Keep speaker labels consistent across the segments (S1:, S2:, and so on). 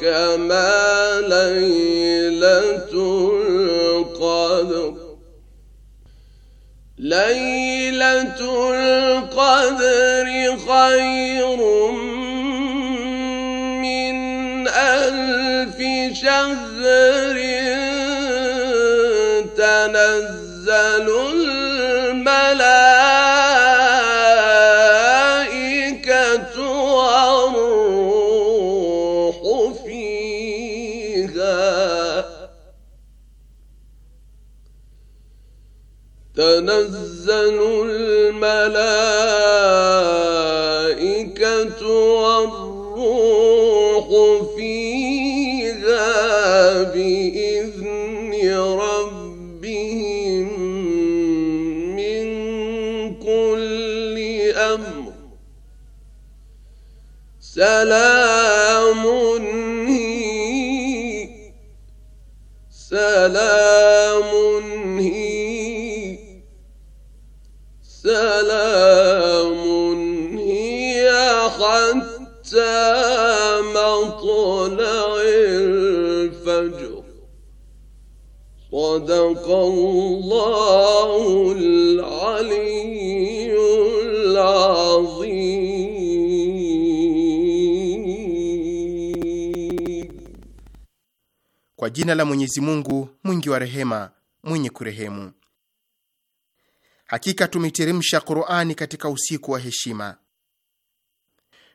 S1: كما لن Kwa jina
S2: la Mwenyezi Mungu mwingi wa rehema mwenye kurehemu. Hakika tumeteremsha Qur'ani katika usiku wa heshima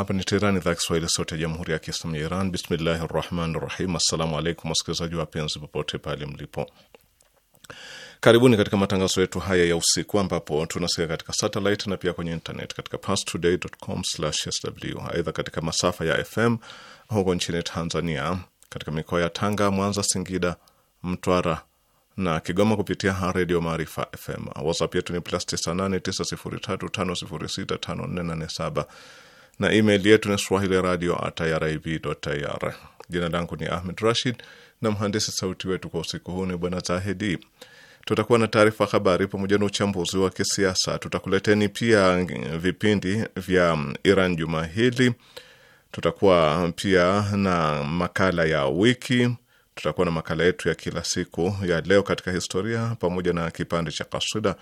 S3: Hapa ni Teherani, idhaa Kiswahili, sauti ya jamhuri ya kiislamu ya Iran. Bismillahi rahmani rahim. Assalamu alaikum wasikilizaji wapenzi, popote pale mlipo, karibuni katika matangazo yetu haya ya usiku, ambapo tunasikia katika satelit na pia kwenye internet katika pastodaycom sw Aidha, katika masafa ya FM huko nchini Tanzania, katika mikoa ya Tanga, Mwanza, Singida, Mtwara na Kigoma kupitia redio Maarifa FM. WhatsApp yetu ni plus 98 903 506 5487 na email yetu ni swahili radio @irib.ir. Jina langu ni Ahmed Rashid na mhandisi sauti wetu kwa usiku huu ni bwana zahidi Tutakuwa na taarifa habari pamoja na uchambuzi wa kisiasa. Tutakuleteni pia vipindi vya Iran juma hili. Tutakuwa pia na makala ya wiki. Tutakuwa na makala yetu ya kila siku ya leo katika historia, pamoja na kipande cha kasida.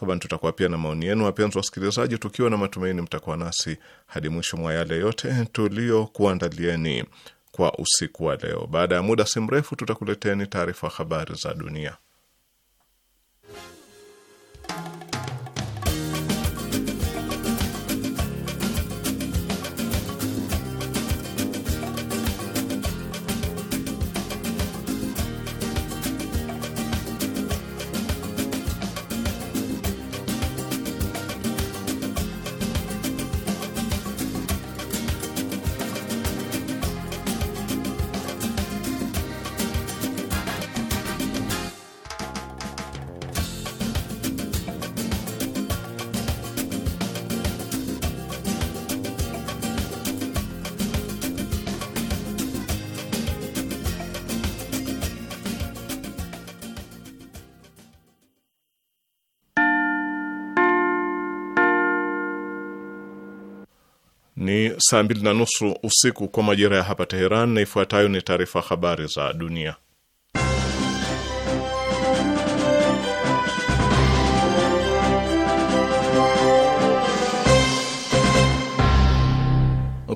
S3: Taban tutakuwa pia na maoni yenu, wapenzi wasikilizaji, tukiwa na matumaini mtakuwa nasi hadi mwisho mwa yale yote tuliyokuandalieni kwa usiku wa leo. Baada ya muda si mrefu, tutakuleteni taarifa habari za dunia. saa mbili na nusu usiku kwa majira ya hapa Teheran, na ifuatayo ni taarifa habari za dunia.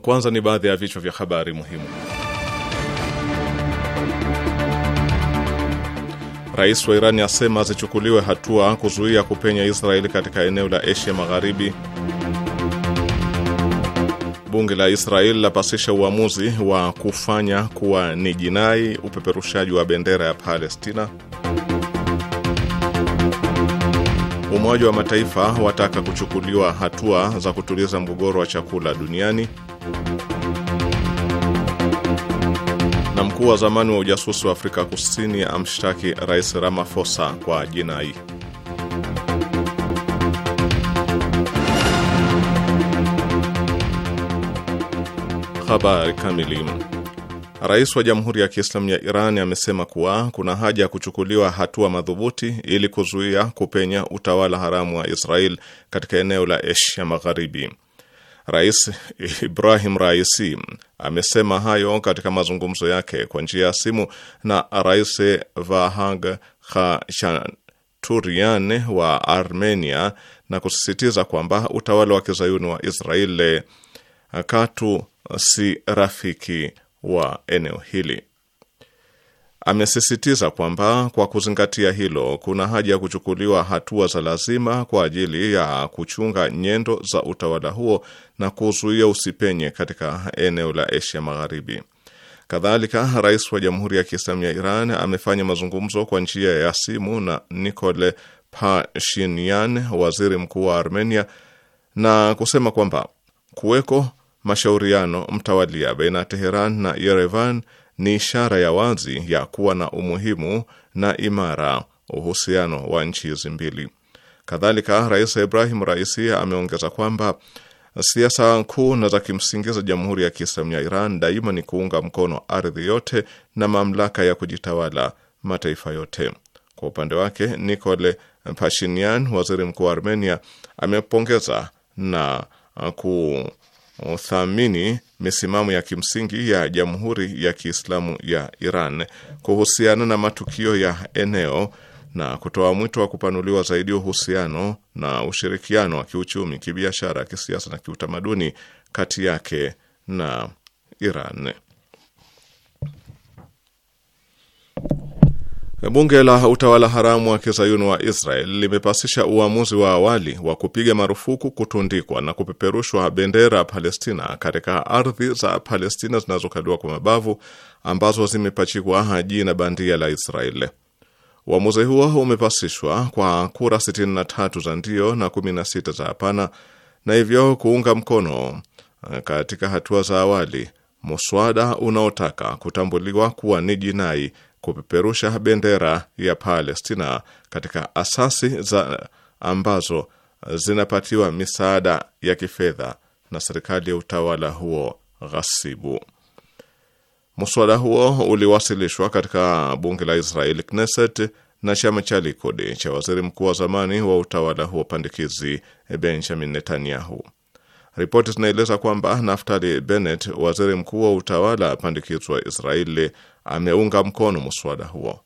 S3: Kwanza ni baadhi ya vichwa vya habari muhimu. Rais wa Irani asema zichukuliwe hatua kuzuia kupenya Israeli katika eneo la Asia Magharibi bunge la Israel lapasisha uamuzi wa kufanya kuwa ni jinai upeperushaji wa bendera ya Palestina. Umoja wa Mataifa wataka kuchukuliwa hatua za kutuliza mgogoro wa chakula duniani. Na mkuu wa zamani wa ujasusi wa Afrika Kusini amshtaki Rais Ramaphosa kwa jinai. Habari kamili. Rais wa Jamhuri ya Kiislamu ya Iran amesema kuwa kuna haja ya kuchukuliwa hatua madhubuti ili kuzuia kupenya utawala haramu wa Israel katika eneo la Asia Magharibi. Rais Ibrahim Raisi amesema hayo katika mazungumzo yake kwa njia ya simu na Rais Vahag Khachaturian wa Armenia na kusisitiza kwamba utawala wa kizayuni wa Israel katu si rafiki wa eneo hili. Amesisitiza kwamba kwa kuzingatia hilo, kuna haja ya kuchukuliwa hatua za lazima kwa ajili ya kuchunga nyendo za utawala huo na kuzuia usipenye katika eneo la Asia Magharibi. Kadhalika, rais wa Jamhuri ya Kiislamu ya Iran amefanya mazungumzo kwa njia ya simu na Nikole Pashinyan, waziri mkuu wa Armenia, na kusema kwamba kuweko mashauriano mtawalia baina Teheran na Yerevan ni ishara ya wazi ya kuwa na umuhimu na imara uhusiano wa nchi hizi mbili. Kadhalika, Rais Ibrahim Raisi ameongeza kwamba siasa kuu na za kimsingi za Jamhuri ya Kiislamu ya Iran daima ni kuunga mkono ardhi yote na mamlaka ya kujitawala mataifa yote. Kwa upande wake, Nikole Pashinyan, waziri mkuu wa Armenia, amepongeza na ku uthamini misimamo ya kimsingi ya Jamhuri ya Kiislamu ya Iran kuhusiana na matukio ya eneo na kutoa mwito wa kupanuliwa zaidi uhusiano na ushirikiano wa kiuchumi, kibiashara, kisiasa na kiutamaduni kati yake na Iran. Bunge la utawala haramu wa kizayuni wa Israel limepasisha uamuzi wa awali wa kupiga marufuku kutundikwa na kupeperushwa bendera ya Palestina katika ardhi za Palestina zinazokaliwa kwa mabavu ambazo zimepachikwa jina bandia la Israel. Uamuzi huo umepasishwa kwa kura 63 za ndio na 16 za hapana, na hivyo kuunga mkono eh, katika hatua za awali muswada unaotaka kutambuliwa kuwa ni jinai kupeperusha bendera ya Palestina katika asasi za ambazo zinapatiwa misaada ya kifedha na serikali ya utawala huo ghasibu. Mswada huo uliwasilishwa katika bunge la Israeli Knesset na chama cha Likud cha waziri mkuu wa zamani wa utawala huo pandikizi Benjamin Netanyahu. Ripoti zinaeleza kwamba Naftali Bennett, waziri mkuu wa utawala pandikizi wa Israeli, ameunga mkono muswada huo.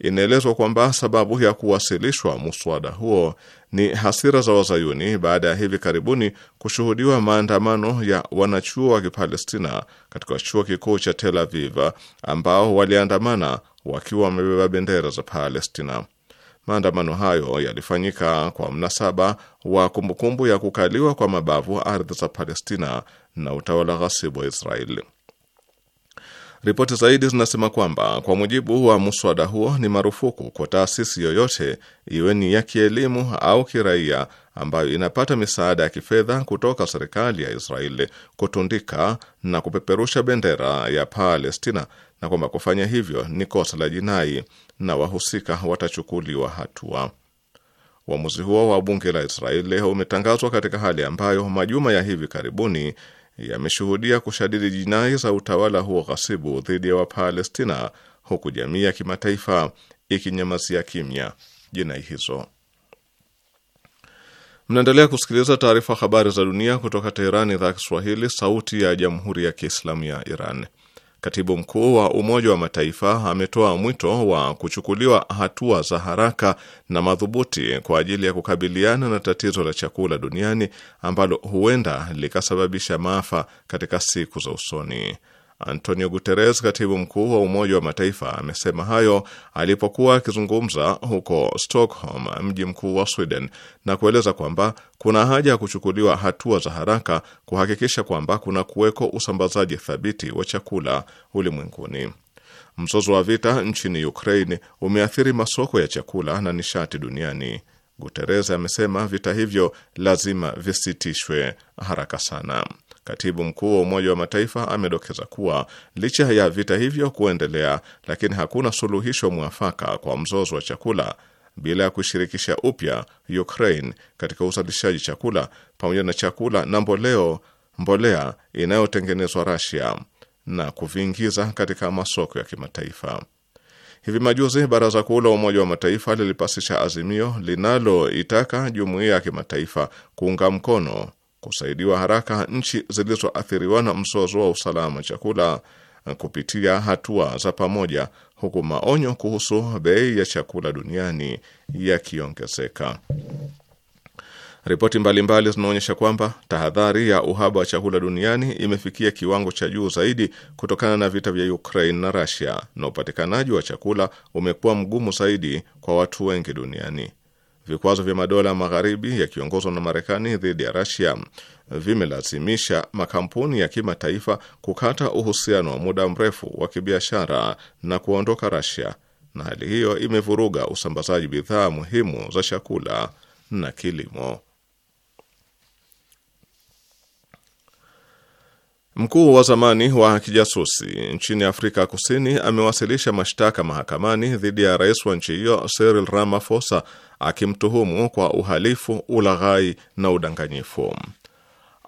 S3: Inaelezwa kwamba sababu ya kuwasilishwa muswada huo ni hasira za Wazayuni baada ya hivi karibuni kushuhudiwa maandamano ya wanachuo wa Kipalestina katika chuo kikuu cha Tel Aviv ambao waliandamana wakiwa wamebeba bendera za Palestina. Maandamano hayo yalifanyika kwa mnasaba wa kumbukumbu ya kukaliwa kwa mabavu ardhi za Palestina na utawala ghasibu wa Israeli. Ripoti zaidi zinasema kwamba kwa mujibu wa muswada huo, ni marufuku kwa taasisi yoyote, iwe ni ya kielimu au kiraia, ambayo inapata misaada ya kifedha kutoka serikali ya Israeli kutundika na kupeperusha bendera ya Palestina, na kwamba kufanya hivyo ni kosa la jinai na wahusika watachukuliwa hatua. Uamuzi huo wa bunge la Israeli umetangazwa katika hali ambayo majuma ya hivi karibuni yameshuhudia kushadidi jinai za utawala huo ghasibu dhidi ya Wapalestina, huku jamii ya kimataifa ikinyamazia kimya jinai hizo. Mnaendelea kusikiliza taarifa habari za dunia kutoka Teherani, idhaa ya Kiswahili, sauti ya jamhuri ya kiislamu ya Iran. Katibu mkuu wa Umoja wa Mataifa ametoa mwito wa kuchukuliwa hatua za haraka na madhubuti kwa ajili ya kukabiliana na tatizo la chakula duniani ambalo huenda likasababisha maafa katika siku za usoni. Antonio Guterres, katibu mkuu wa Umoja wa Mataifa, amesema hayo alipokuwa akizungumza huko Stockholm, mji mkuu wa Sweden, na kueleza kwamba kuna haja ya kuchukuliwa hatua za haraka kuhakikisha kwamba kuna kuweko usambazaji thabiti wa chakula ulimwenguni. Mzozo wa vita nchini Ukraine umeathiri masoko ya chakula na nishati duniani. Guterres amesema vita hivyo lazima visitishwe haraka sana. Katibu mkuu wa Umoja wa Mataifa amedokeza kuwa licha ya vita hivyo kuendelea, lakini hakuna suluhisho mwafaka kwa mzozo wa chakula bila ya kushirikisha upya Ukraine katika uzalishaji chakula pamoja na chakula na mboleo, mbolea inayotengenezwa Russia na kuviingiza katika masoko ya kimataifa. Hivi majuzi Baraza Kuu la Umoja wa Mataifa lilipasisha azimio linaloitaka jumuiya ya kimataifa kuunga mkono kusaidiwa haraka nchi zilizoathiriwa na mzozo wa usalama chakula kupitia hatua za pamoja, huku maonyo kuhusu bei ya chakula duniani yakiongezeka. Ripoti mbalimbali zinaonyesha kwamba tahadhari ya uhaba wa chakula duniani imefikia kiwango cha juu zaidi kutokana na vita vya Ukraine na Russia, na upatikanaji wa chakula umekuwa mgumu zaidi kwa watu wengi duniani. Vikwazo vya madola magharibi yakiongozwa na Marekani dhidi ya Rasia vimelazimisha makampuni ya kimataifa kukata uhusiano wa muda mrefu wa kibiashara na kuondoka Rasia, na hali hiyo imevuruga usambazaji bidhaa muhimu za chakula na kilimo. Mkuu wa zamani wa kijasusi nchini Afrika Kusini amewasilisha mashtaka mahakamani dhidi ya rais wa nchi hiyo Cyril Ramaphosa akimtuhumu kwa uhalifu, ulaghai na udanganyifu.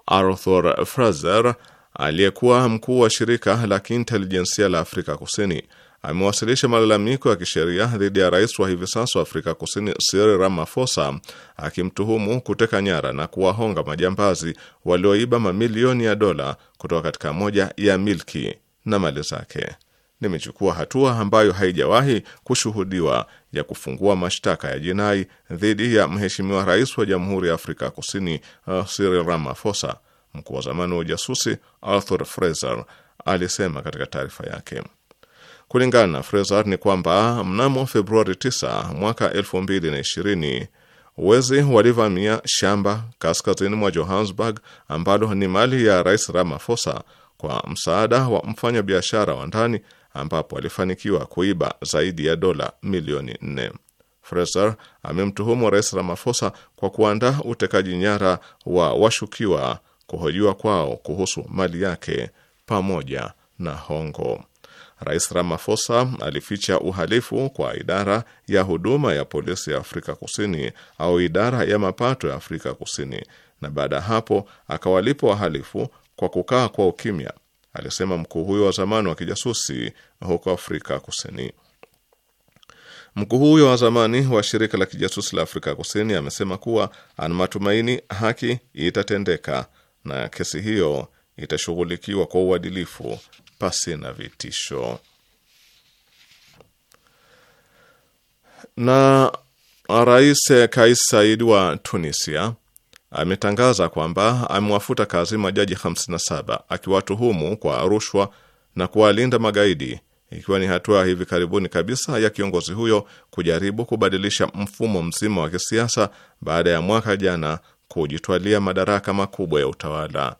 S3: Arthur Fraser aliyekuwa mkuu wa shirika la kiintelijensia la Afrika Kusini amewasilisha malalamiko ya kisheria dhidi ya rais wa hivi sasa wa Afrika Kusini Cyril Ramaphosa akimtuhumu kuteka nyara na kuwahonga majambazi walioiba mamilioni ya dola kutoka katika moja ya milki na mali zake. Nimechukua hatua ambayo haijawahi kushuhudiwa ya kufungua mashtaka ya jinai dhidi ya mheshimiwa rais wa Jamhuri ya Afrika Kusini eh, Cyril Ramaphosa, mkuu wa zamani wa ujasusi Arthur Fraser alisema katika taarifa yake. Kulingana na Fraser ni kwamba mnamo Februari 9 mwaka 2020 wezi walivamia shamba kaskazini mwa Johannesburg ambalo ni mali ya Rais Ramaphosa kwa msaada wa mfanyabiashara wa ndani ambapo alifanikiwa kuiba zaidi ya dola milioni nne. Fraser amemtuhumu Rais Ramaphosa kwa kuandaa utekaji nyara wa washukiwa kuhojiwa kwao kuhusu mali yake pamoja na hongo. Rais Ramaphosa alificha uhalifu kwa idara ya huduma ya polisi ya Afrika Kusini au idara ya mapato ya Afrika Kusini, na baada ya hapo akawalipa wahalifu kwa kukaa kwa ukimya, alisema mkuu huyo wa zamani wa kijasusi huko Afrika Kusini. Mkuu huyo wa zamani wa shirika la kijasusi la Afrika Kusini amesema kuwa ana matumaini haki itatendeka na kesi hiyo itashughulikiwa kwa uadilifu na vitisho. Na Rais Kais Said wa Tunisia ametangaza kwamba amewafuta kazi majaji 57 akiwatuhumu kwa rushwa na kuwalinda magaidi, ikiwa ni hatua hivi karibuni kabisa ya kiongozi huyo kujaribu kubadilisha mfumo mzima wa kisiasa baada ya mwaka jana kujitwalia madaraka makubwa ya utawala.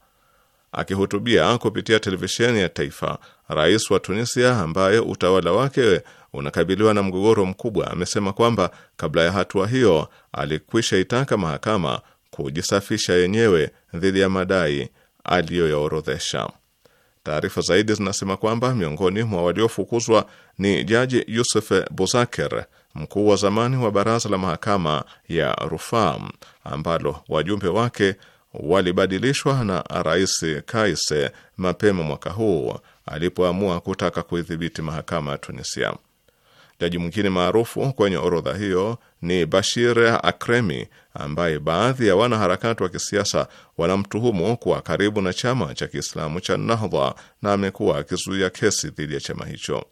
S3: Akihutubia kupitia televisheni ya taifa, rais wa Tunisia ambaye utawala wake unakabiliwa na mgogoro mkubwa amesema kwamba kabla ya hatua hiyo alikwisha itaka mahakama kujisafisha yenyewe dhidi ya madai aliyoyaorodhesha. Taarifa zaidi zinasema kwamba miongoni mwa waliofukuzwa ni jaji Yusuf Buzaker, mkuu wa zamani wa baraza la mahakama ya rufaa ambalo wajumbe wake walibadilishwa na Rais Kaise mapema mwaka huu alipoamua kutaka kuidhibiti mahakama ya Tunisia. Jaji mwingine maarufu kwenye orodha hiyo ni Bashir Akremi ambaye baadhi ya wanaharakati wa kisiasa wanamtuhumu kuwa karibu na chama cha Kiislamu cha Nahdha na amekuwa akizuia kesi dhidi ya chama hicho.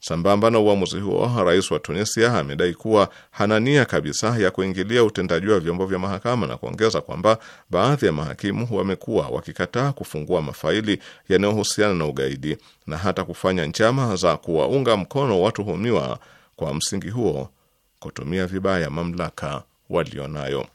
S3: Sambamba na uamuzi huo, rais wa Tunisia amedai kuwa hana nia kabisa ya kuingilia utendaji wa vyombo vya mahakama na kuongeza kwamba baadhi ya mahakimu wamekuwa wakikataa kufungua mafaili yanayohusiana na ugaidi na hata kufanya njama za kuwaunga mkono watuhumiwa kwa msingi huo kutumia vibaya mamlaka walionayo.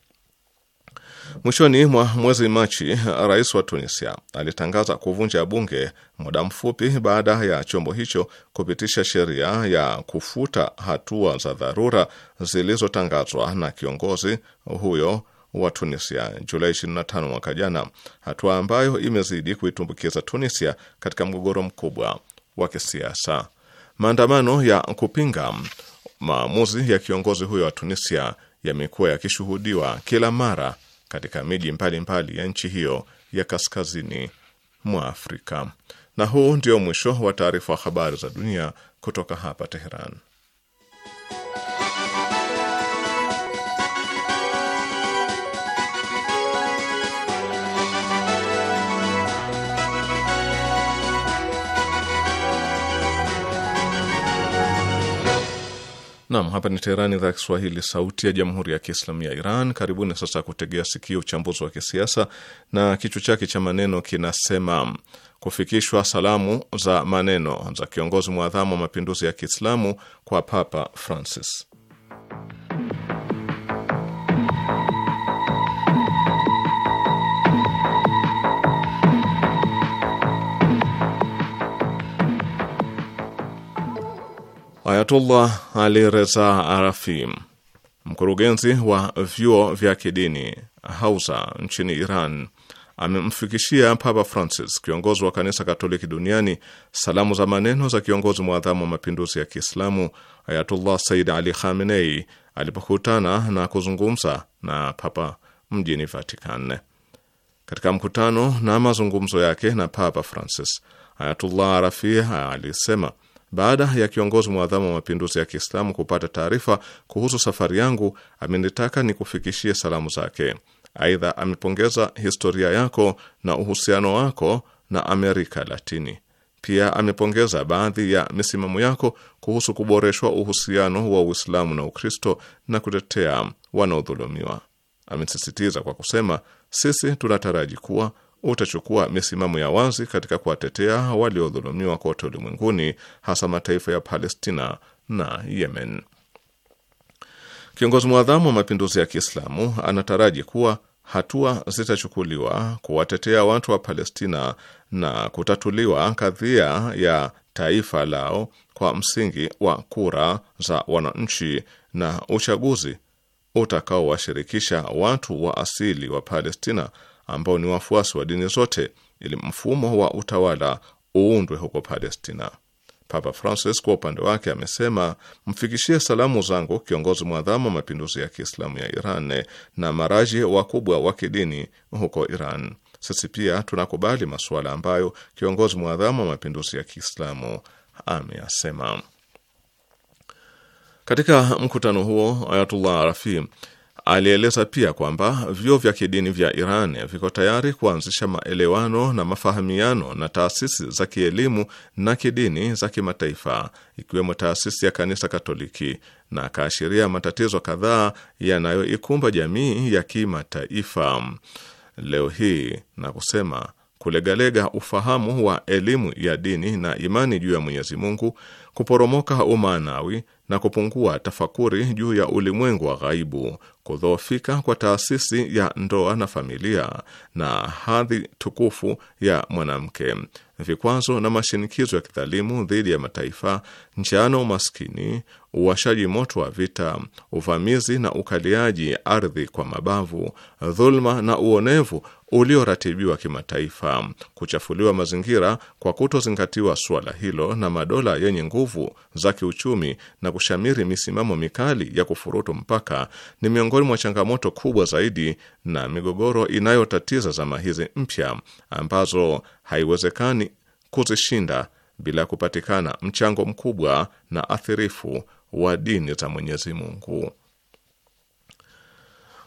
S3: Mwishoni mwa mwezi Machi, rais wa Tunisia alitangaza kuvunja bunge muda mfupi baada ya chombo hicho kupitisha sheria ya kufuta hatua za dharura zilizotangazwa na kiongozi huyo wa Tunisia Julai 25 mwaka jana, hatua ambayo imezidi kuitumbukiza Tunisia katika mgogoro mkubwa wa kisiasa. Maandamano ya kupinga maamuzi ya kiongozi huyo wa Tunisia yamekuwa yakishuhudiwa kila mara katika miji mbalimbali ya nchi hiyo ya kaskazini mwa Afrika. Na huu ndio mwisho wa taarifa wa habari za dunia kutoka hapa Teheran. Nam, hapa ni Teherani, idhaa ya Kiswahili, sauti ya jamhuri ya kiislamu ya Iran. Karibuni sasa kutegea sikio uchambuzi wa kisiasa na kichwa chake cha maneno kinasema kufikishwa salamu za maneno za kiongozi mwadhamu wa mapinduzi ya Kiislamu kwa Papa Francis. Ayatullah Ali Reza Arafi, mkurugenzi wa vyuo vya kidini Hausa nchini Iran, amemfikishia Papa Francis, kiongozi wa kanisa Katoliki duniani, salamu za maneno za kiongozi mwadhamu wa mapinduzi ya Kiislamu Ayatullah Said Ali Khamenei alipokutana na kuzungumza na Papa mjini Vatican. Katika mkutano na mazungumzo yake na Papa Francis, Ayatullah Arafi alisema baada ya kiongozi mwadhamu wa mapinduzi ya Kiislamu kupata taarifa kuhusu safari yangu, amenitaka nikufikishie salamu zake. Aidha, amepongeza historia yako na uhusiano wako na Amerika Latini. Pia amepongeza baadhi ya misimamo yako kuhusu kuboreshwa uhusiano wa Uislamu na Ukristo na kutetea wanaodhulumiwa. Amesisitiza kwa kusema, sisi tunataraji kuwa utachukua misimamo ya wazi katika kuwatetea waliodhulumiwa kote ulimwenguni, hasa mataifa ya Palestina na Yemen. Kiongozi mwadhamu wa mapinduzi ya Kiislamu anataraji kuwa hatua zitachukuliwa kuwatetea watu wa Palestina na kutatuliwa kadhia ya taifa lao kwa msingi wa kura za wananchi na uchaguzi utakaowashirikisha watu wa asili wa Palestina ambao ni wafuasi wa dini zote ili mfumo wa utawala uundwe huko Palestina. Papa Francis kwa upande wake amesema, mfikishie salamu zangu kiongozi mwadhamu wa mapinduzi ya Kiislamu ya Iran na maraji wakubwa wa kidini huko Iran. Sisi pia tunakubali masuala ambayo kiongozi mwadhamu wa mapinduzi ya Kiislamu ameyasema. Katika mkutano huo Ayatullah Arafi Alieleza pia kwamba vyuo vya kidini vya Iran viko tayari kuanzisha maelewano na mafahamiano na taasisi za kielimu na kidini za kimataifa ikiwemo taasisi ya kanisa Katoliki, na akaashiria matatizo kadhaa yanayoikumba jamii ya kimataifa leo hii na kusema kulegalega ufahamu wa elimu ya dini na imani juu ya Mwenyezi Mungu kuporomoka umaanawi na kupungua tafakuri juu ya ulimwengu wa ghaibu, kudhoofika kwa taasisi ya ndoa na familia na hadhi tukufu ya mwanamke, vikwazo na mashinikizo ya kidhalimu dhidi ya mataifa, njano, umaskini, uwashaji moto wa vita, uvamizi na ukaliaji ardhi kwa mabavu, dhulma na uonevu ulioratibiwa kimataifa, kuchafuliwa mazingira kwa kutozingatiwa suala hilo na madola yenye nguvu za kiuchumi na kushamiri misimamo mikali ya kufurutu mpaka ni miongoni mwa changamoto kubwa zaidi na migogoro inayotatiza zama hizi mpya ambazo haiwezekani kuzishinda bila kupatikana mchango mkubwa na athirifu wa dini za Mwenyezi Mungu.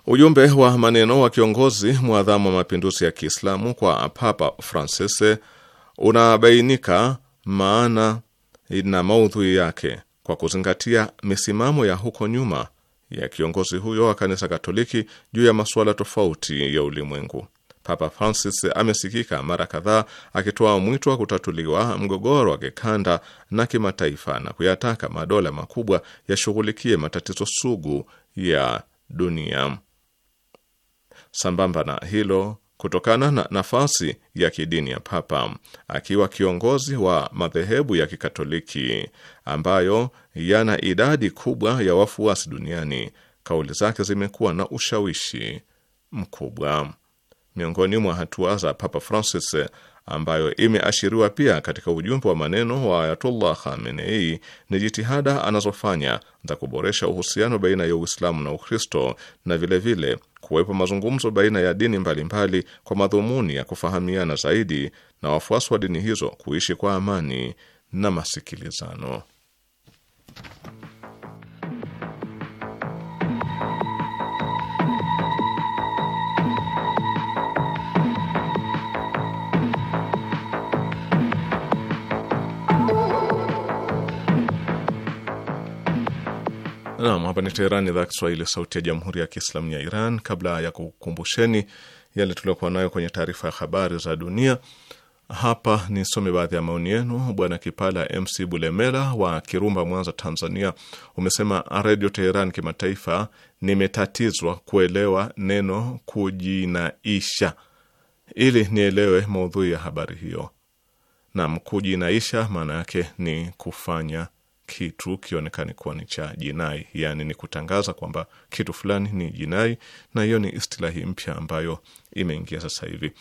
S3: Ujumbe wa maneno wa kiongozi mwadhamu wa mapinduzi ya Kiislamu kwa Papa Francis unabainika maana na maudhui yake kwa kuzingatia misimamo ya huko nyuma ya kiongozi huyo wa kanisa Katoliki juu ya masuala tofauti ya ulimwengu. Papa Francis amesikika mara kadhaa akitoa mwito wa kutatuliwa mgogoro wa kikanda na kimataifa na kuyataka madola makubwa yashughulikie matatizo sugu ya dunia. Sambamba na hilo, kutokana na nafasi ya kidini ya Papa akiwa kiongozi wa madhehebu ya Kikatoliki ambayo yana idadi kubwa ya wafuasi duniani, kauli zake zimekuwa na ushawishi mkubwa miongoni mwa hatua za Papa Francis ambayo imeashiriwa pia katika ujumbe wa maneno wa Ayatullah Khamenei ni jitihada anazofanya za kuboresha uhusiano baina ya Uislamu na Ukristo na vilevile kuwepo mazungumzo baina ya dini mbalimbali mbali kwa madhumuni ya kufahamiana zaidi na wafuasi wa dini hizo kuishi kwa amani na masikilizano. Naam, hapa ni Teherani, idhaa Kiswahili, sauti ya jamhuri ya kiislamu ya Iran. Kabla ya kukumbusheni yale tuliokuwa nayo kwenye taarifa ya habari za dunia, hapa nisome baadhi ya maoni yenu. Bwana Kipala MC Bulemela wa Kirumba, Mwanza, Tanzania, umesema Redio Teheran Kimataifa, nimetatizwa kuelewa neno kujinaisha ili nielewe maudhui ya habari hiyo. Naam, kujinaisha maana yake ni kufanya kitu kionekane kuwa ni cha jinai, yaani ni kutangaza kwamba kitu fulani ni jinai, na hiyo ni istilahi mpya ambayo imeingia sasa hivi.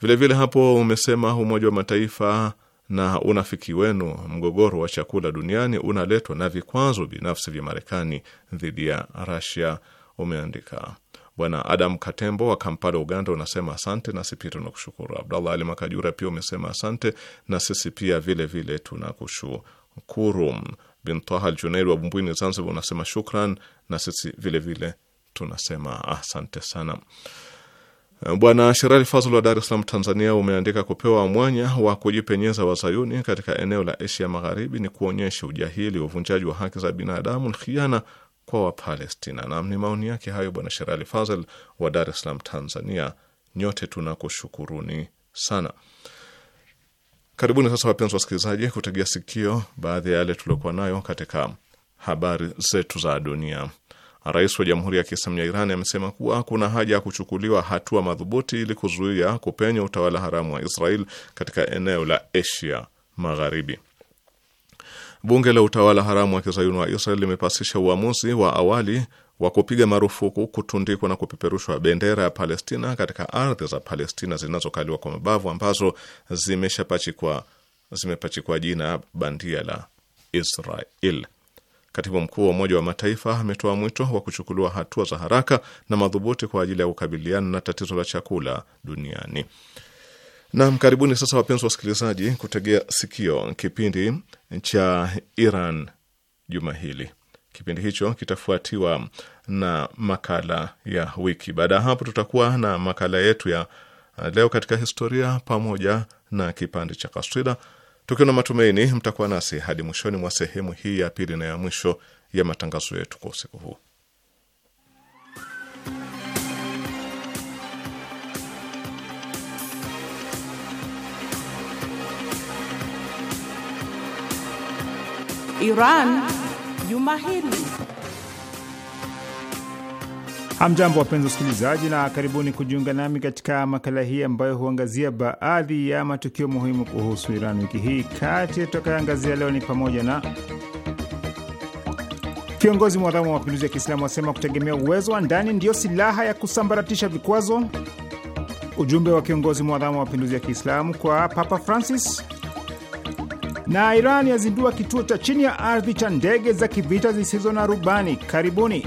S3: Vilevile vile hapo umesema Umoja wa Mataifa na unafiki wenu, mgogoro wa chakula duniani unaletwa na vikwazo binafsi vya Marekani dhidi ya Rasia, umeandika Bwana Adam Katembo wa Kampala, Uganda, unasema asante nasi pia tunakushukuru. Abdallah Ali Makajura pia umesema asante na sisi pia vilevile tunakushukuru. Kurum bin Taha Al Junaid wa Bumbwini, Zanzibar, unasema shukran, na sisi vilevile tunasema asante ah, sana. Bwana Shirali Fazl wa Dar es Salaam, Tanzania, umeandika kupewa mwanya wa kujipenyeza wazayuni katika eneo la Asia Magharibi ni kuonyesha ujahili wa uvunjaji wa haki za binadamu, khiana kwa Wapalestina. Na ni maoni yake hayo, Bwana Shirali Fazl wa Dar es Salaam, Tanzania. Nyote tunakushukuruni sana. Karibuni sasa, wapenzi wasikilizaji, kutegea sikio baadhi ya yale tuliokuwa nayo katika habari zetu za dunia. Rais wa Jamhuri ya Kiislamu ya Iran amesema kuwa kuna haja ya kuchukuliwa hatua madhubuti ili kuzuia kupenya utawala haramu wa Israel katika eneo la Asia Magharibi. Bunge la utawala haramu wa kizayuni wa Israel limepasisha uamuzi wa awali wa kupiga marufuku kutundikwa na kupeperushwa bendera ya Palestina katika ardhi za Palestina zinazokaliwa kwa mabavu ambazo zimeshapachikwa zimepachikwa jina bandia la Israel. Katibu mkuu wa Umoja wa Mataifa ametoa mwito wa kuchukuliwa hatua za haraka na madhubuti kwa ajili ya kukabiliana na tatizo la chakula duniani. Naam, karibuni sasa wapenzi wasikilizaji, kutegea sikio kipindi cha Iran juma hili. Kipindi hicho kitafuatiwa na makala ya wiki. Baada ya hapo, tutakuwa na makala yetu ya uh, leo katika historia pamoja na kipande cha kaswida, tukiwa na matumaini mtakuwa nasi hadi mwishoni mwa sehemu hii ya pili na ya mwisho ya matangazo yetu kwa usiku huu.
S4: Iran juma hili.
S2: Hamjambo, wapenzi wasikilizaji, na karibuni kujiunga nami katika makala hii ambayo huangazia baadhi ya matukio muhimu kuhusu Iran wiki hii. Kati ya tutakayoangazia leo ni pamoja na kiongozi mwadhamu wa mapinduzi ya Kiislamu wasema kutegemea uwezo wa ndani ndiyo silaha ya kusambaratisha vikwazo. Ujumbe wa kiongozi mwadhamu wa mapinduzi ya Kiislamu kwa Papa Francis na Iran yazindua kituo cha chini ya ardhi cha ndege za kivita zisizo na rubani. Karibuni.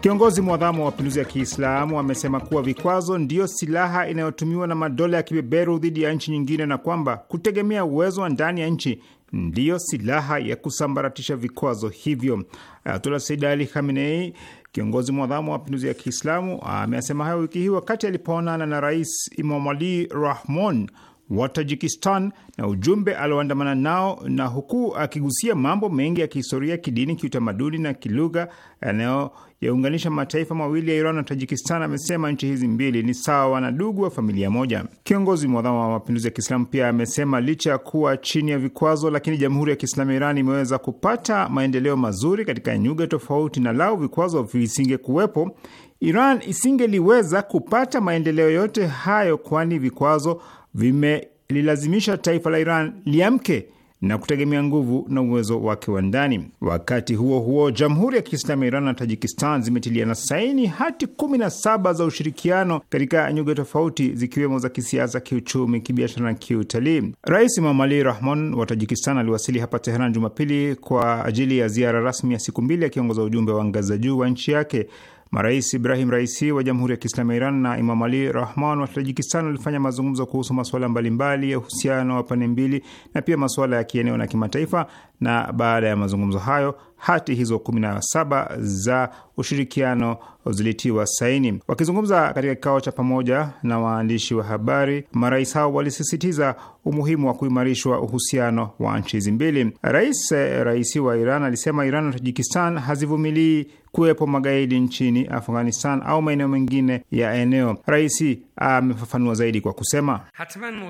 S2: Kiongozi mwadhamu wa mapinduzi ya Kiislamu amesema kuwa vikwazo ndiyo silaha inayotumiwa na madola ya kibeberu dhidi ya nchi nyingine na kwamba kutegemea uwezo wa ndani ya nchi ndiyo silaha ya kusambaratisha vikwazo hivyo. Ayatullah Sayyid Ali Khamenei, kiongozi mwadhamu wa mapinduzi ya Kiislamu, ameasema hayo wiki hii wakati alipoonana na Rais imamali Rahmon wa Tajikistan na ujumbe alioandamana nao, na huku akigusia mambo mengi ya kihistoria, kidini, kiutamaduni na kilugha yanayoyaunganisha mataifa mawili ya Iran na Tajikistan, amesema nchi hizi mbili ni sawa na dugu wa familia moja. Kiongozi mwadhamu wa mapinduzi ya Kiislamu pia amesema licha ya kuwa chini ya vikwazo, lakini Jamhuri ya Kiislamu ya Iran imeweza kupata maendeleo mazuri katika nyuga tofauti, na lau vikwazo visingekuwepo, Iran isingeliweza kupata maendeleo yote hayo, kwani vikwazo vimelilazimisha taifa la Iran liamke na kutegemea nguvu na uwezo wake wa ndani. Wakati huo huo, Jamhuri ya Kiislamu ya Iran na Tajikistan zimetiliana saini hati kumi na saba za ushirikiano katika nyuga tofauti, zikiwemo za kisiasa, kiuchumi, kibiashara na kiutalii. Rais Mamali Rahmon wa Tajikistan aliwasili hapa Teheran Jumapili kwa ajili ya ziara rasmi ya siku mbili, akiongoza ujumbe wa ngazi za juu wa nchi yake. Marais Ibrahim Raisi wa Jamhuri ya Kiislamu ya Iran na Imam Ali Rahman wa Tajikistan walifanya mazungumzo kuhusu masuala mbalimbali ya uhusiano wa pande mbili na pia masuala ya kieneo na kimataifa. Na baada ya mazungumzo hayo, hati hizo kumi na saba za ushirikiano zilitiwa saini. Wakizungumza katika kikao cha pamoja na waandishi wa habari, marais hao walisisitiza umuhimu wa kuimarishwa uhusiano wa nchi hizi mbili. Rais eh, Raisi wa Iran alisema Iran na Tajikistan hazivumilii kuwepo magaidi nchini Afghanistan au maeneo mengine ya eneo. Raisi amefafanua zaidi kwa kusema hatman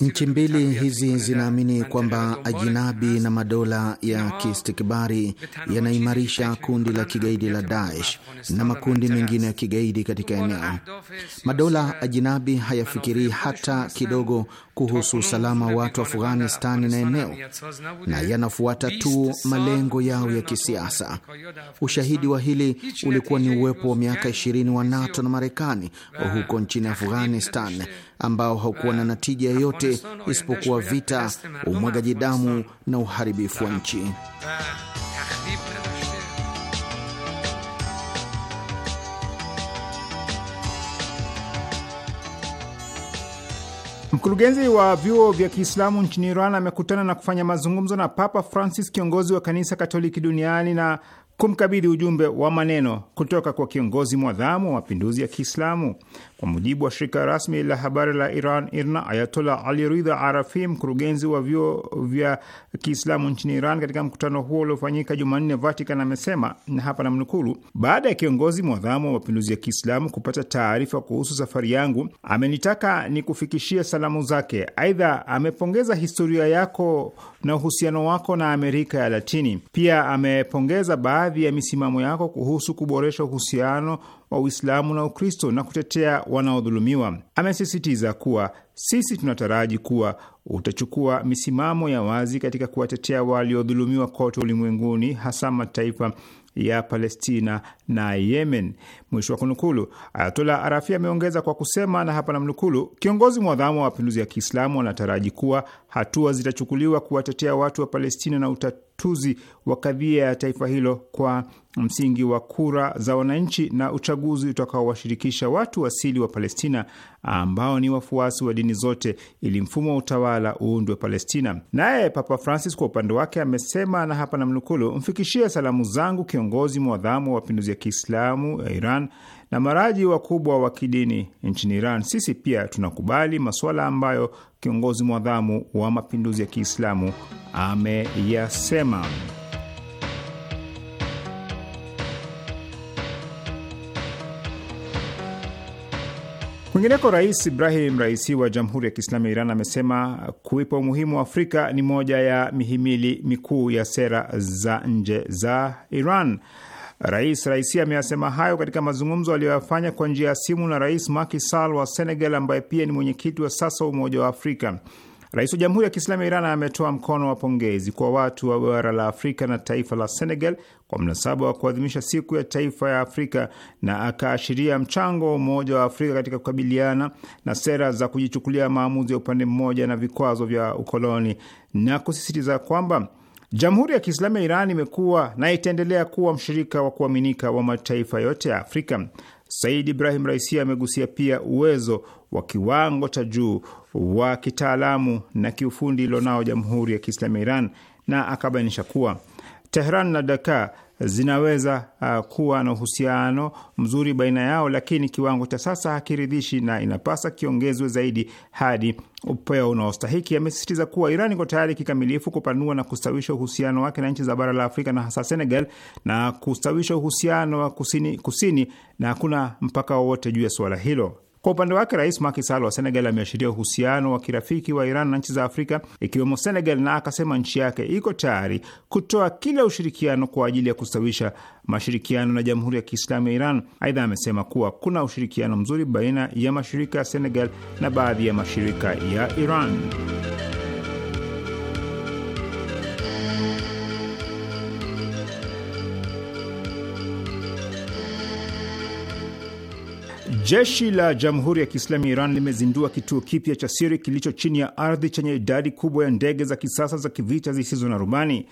S2: nchi mbili hizi zinaamini kwamba ajinabi na
S5: madola ya kiistikbari yanaimarisha kundi la kigaidi la Daesh na makundi mengine ya kigaidi katika eneo. Madola ajinabi hayafikirii hata kidogo kuhusu usalama wa watu Afghanistani na eneo, na yanafuata tu malengo yao ya kisiasa. Ushahidi wa hili ulikuwa ni uwepo wa miaka 20 wa NATO na Marekani huko nchini Afghanistan Afghanistan ambao haukuwa na natija yoyote isipokuwa vita, umwagaji damu na uharibifu
S4: wa nchi.
S2: Mkurugenzi wa vyuo vya Kiislamu nchini Iran amekutana na kufanya mazungumzo na Papa Francis, kiongozi wa kanisa Katoliki duniani na kumkabidhi ujumbe wa maneno kutoka kwa kiongozi mwadhamu wa mapinduzi ya Kiislamu. Kwa mujibu wa shirika rasmi la habari la Iran IRNA, Ayatola Ali Ridha Arafi, mkurugenzi wa vyuo vya Kiislamu nchini Iran, katika mkutano huo uliofanyika Jumanne Vatican, amesema na hapa namnukulu: baada ya kiongozi mwadhamu wa mapinduzi ya Kiislamu kupata taarifa kuhusu safari yangu, amenitaka ni kufikishia salamu zake. Aidha, amepongeza historia yako na uhusiano wako na Amerika ya Latini. Pia amepongeza baadhi baadhi ya misimamo yako kuhusu kuboresha uhusiano wa Uislamu na Ukristo na kutetea wanaodhulumiwa. Amesisitiza kuwa sisi tunataraji kuwa utachukua misimamo ya wazi katika kuwatetea waliodhulumiwa kote ulimwenguni, hasa mataifa ya Palestina na Yemen. Mwisho wa kunukulu. Ayatola Arafi ameongeza kwa kusema, na hapa namnukulu, kiongozi mwadhamu wa mapinduzi ya Kiislamu anataraji kuwa hatua zitachukuliwa kuwatetea watu wa Palestina na utatu ugatuzi wa kadhia ya taifa hilo kwa msingi wa kura za wananchi na uchaguzi utakaowashirikisha watu asili wa Palestina ambao ni wafuasi wa dini zote ili mfumo wa utawala uundwe Palestina. Naye Papa Francis kwa upande wake amesema, na hapa namnukulu: mfikishie salamu zangu kiongozi mwadhamu wa mapinduzi ya Kiislamu ya Iran na maraji wakubwa wa kidini nchini Iran, sisi pia tunakubali masuala ambayo kiongozi mwadhamu wa mapinduzi ya Kiislamu ameyasema. Kwingineko, Rais Ibrahim Raisi wa Jamhuri ya Kiislamu ya Iran amesema kuipa umuhimu wa Afrika ni moja ya mihimili mikuu ya sera za nje za Iran. Rais Raisi ameyasema hayo katika mazungumzo aliyoyafanya kwa njia ya simu na Rais Macky Sall wa Senegal, ambaye pia ni mwenyekiti wa sasa wa Umoja wa Afrika. Rais wa Jamhuri ya Kiislamu ya Iran ametoa mkono wa pongezi kwa watu wa bara la Afrika na taifa la Senegal kwa mnasaba wa kuadhimisha siku ya taifa ya Afrika na akaashiria mchango wa Umoja wa Afrika katika kukabiliana na sera za kujichukulia maamuzi ya upande mmoja na vikwazo vya ukoloni na kusisitiza kwamba Jamhuri ya Kiislamu ya Iran imekuwa na itaendelea kuwa mshirika wa kuaminika wa mataifa yote ya Afrika. Said Ibrahim Raisi amegusia pia uwezo wa kiwango cha juu wa kitaalamu na kiufundi ilionao Jamhuri ya Kiislamu ya Iran na akabainisha kuwa Tehran na Dakar zinaweza uh, kuwa na uhusiano mzuri baina yao, lakini kiwango cha sasa hakiridhishi na inapasa kiongezwe zaidi hadi upeo unaostahiki. Amesisitiza kuwa Iran iko tayari kikamilifu kupanua na kustawisha uhusiano wake na nchi za bara la Afrika na hasa Senegal na kustawisha uhusiano wa kusini kusini, na hakuna mpaka wowote juu ya suala hilo. Kwa upande wake, Rais Macky Sall wa Senegal ameashiria uhusiano wa kirafiki wa Iran na nchi za Afrika ikiwemo Senegal, na akasema nchi yake iko tayari kutoa kila ushirikiano kwa ajili ya kustawisha mashirikiano na Jamhuri ya Kiislamu ya Iran. Aidha, amesema kuwa kuna ushirikiano mzuri baina ya mashirika ya Senegal na baadhi ya mashirika ya Iran. Jeshi la Jamhuri ya Kiislamu ya Iran limezindua kituo kipya cha siri kilicho chini ya ardhi chenye idadi kubwa ya ndege za kisasa za kivita zisizo na rubani.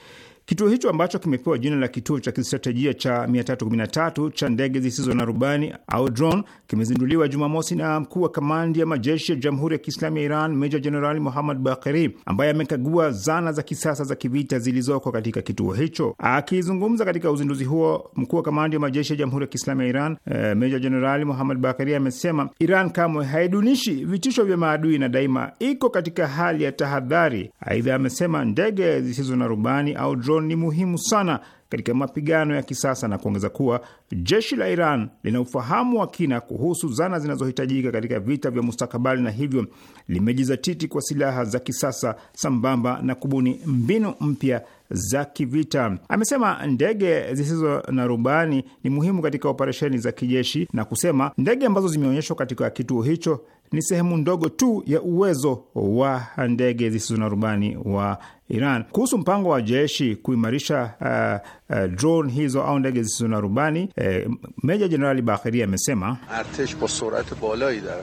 S2: Kituo hicho ambacho kimepewa jina la kituo cha kistratejia cha 313 cha ndege zisizo na rubani au drone kimezinduliwa Jumamosi na mkuu wa kamandi ya majeshi ya Jamhuri ya Kiislamu ya Iran, Meja Jenerali Muhammad Bakeri, ambaye amekagua zana za kisasa za kivita zilizoko katika kituo hicho. Akizungumza katika uzinduzi huo, mkuu wa kamandi ya majeshi ya Jamhuri ya Kiislamu ya Iran, eh, Meja Jenerali Muhammad Bakeri amesema Iran kamwe haidunishi vitisho vya maadui na daima iko katika hali ya tahadhari. Aidha amesema ndege zisizo na rubani au drone drone ni muhimu sana katika mapigano ya kisasa na kuongeza kuwa jeshi la Iran lina ufahamu wa kina kuhusu zana zinazohitajika katika vita vya mustakabali na hivyo limejizatiti kwa silaha za kisasa sambamba na kubuni mbinu mpya za kivita. Amesema ndege zisizo na rubani ni muhimu katika operesheni za kijeshi na kusema ndege ambazo zimeonyeshwa katika kituo hicho ni sehemu ndogo tu ya uwezo wa ndege zisizo na rubani wa Iran. Kuhusu mpango wa jeshi kuimarisha uh, uh, drone hizo au ndege zisizo na rubani uh, Meja Jenerali Bakhiri amesema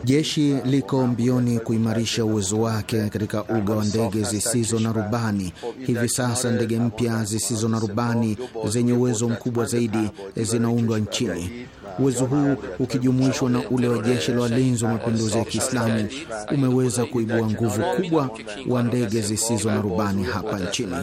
S2: jeshi liko mbioni
S5: kuimarisha uwezo wake katika uga wa ndege zisizo na rubani. Hivi sasa ndege mpya zisizo na rubani zenye uwezo mkubwa zaidi zinaundwa nchini. Uwezo huu ukijumuishwa na ule wa jeshi la walinzi wa mapinduzi ya Kiislamu umeweza kuibua nguvu kubwa wa ndege zisizo na rubani hapa nchini.